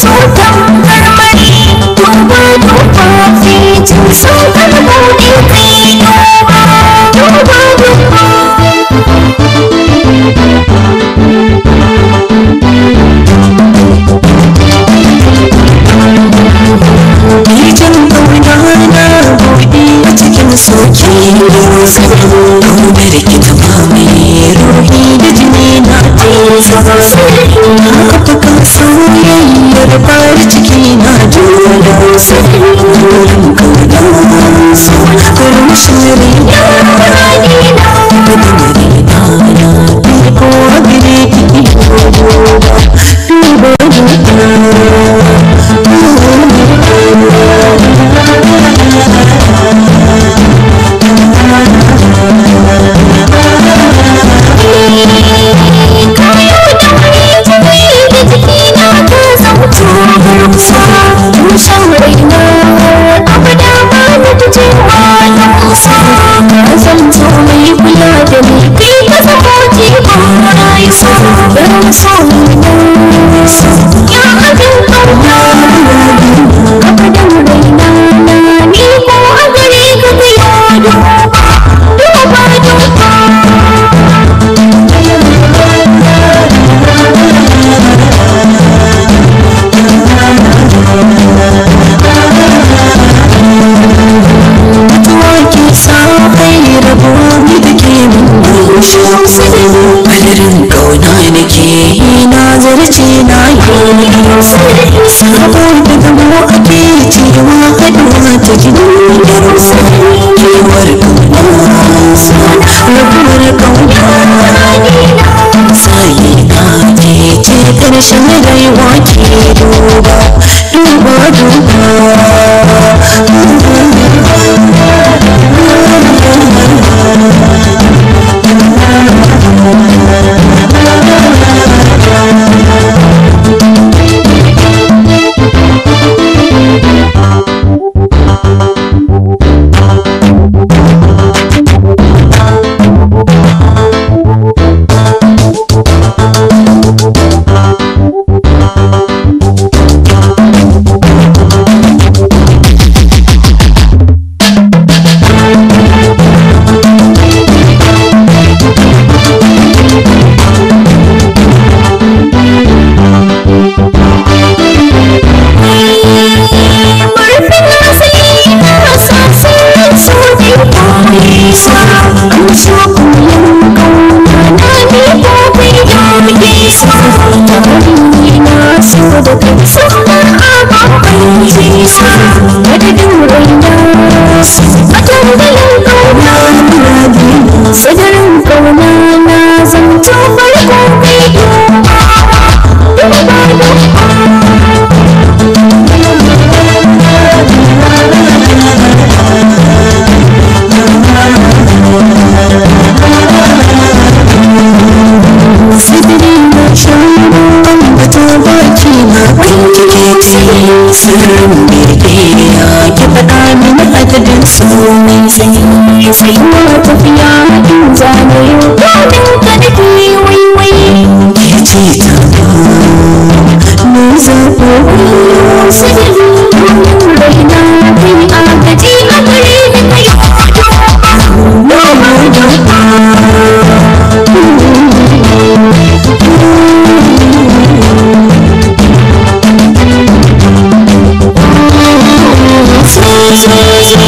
சோகம் கர்மணி துர்வா துர்வா சீஜம் சோகம் மூடி தீனா துர்வா Durva Ijan nuna na buɗi a cikin soke rufe Kuma rikita mamaye ruhi da jini na teza Sai na kafa kasuwa da ciki na jona sai kullum ka dansa give me karshen dai wake duba duba duba da kai sun ba a bakwai jisa madadin sirin birgiya ki faɗa mini adadin su sanyi sai tafiya in zane yau ka waiwai ke Jesus.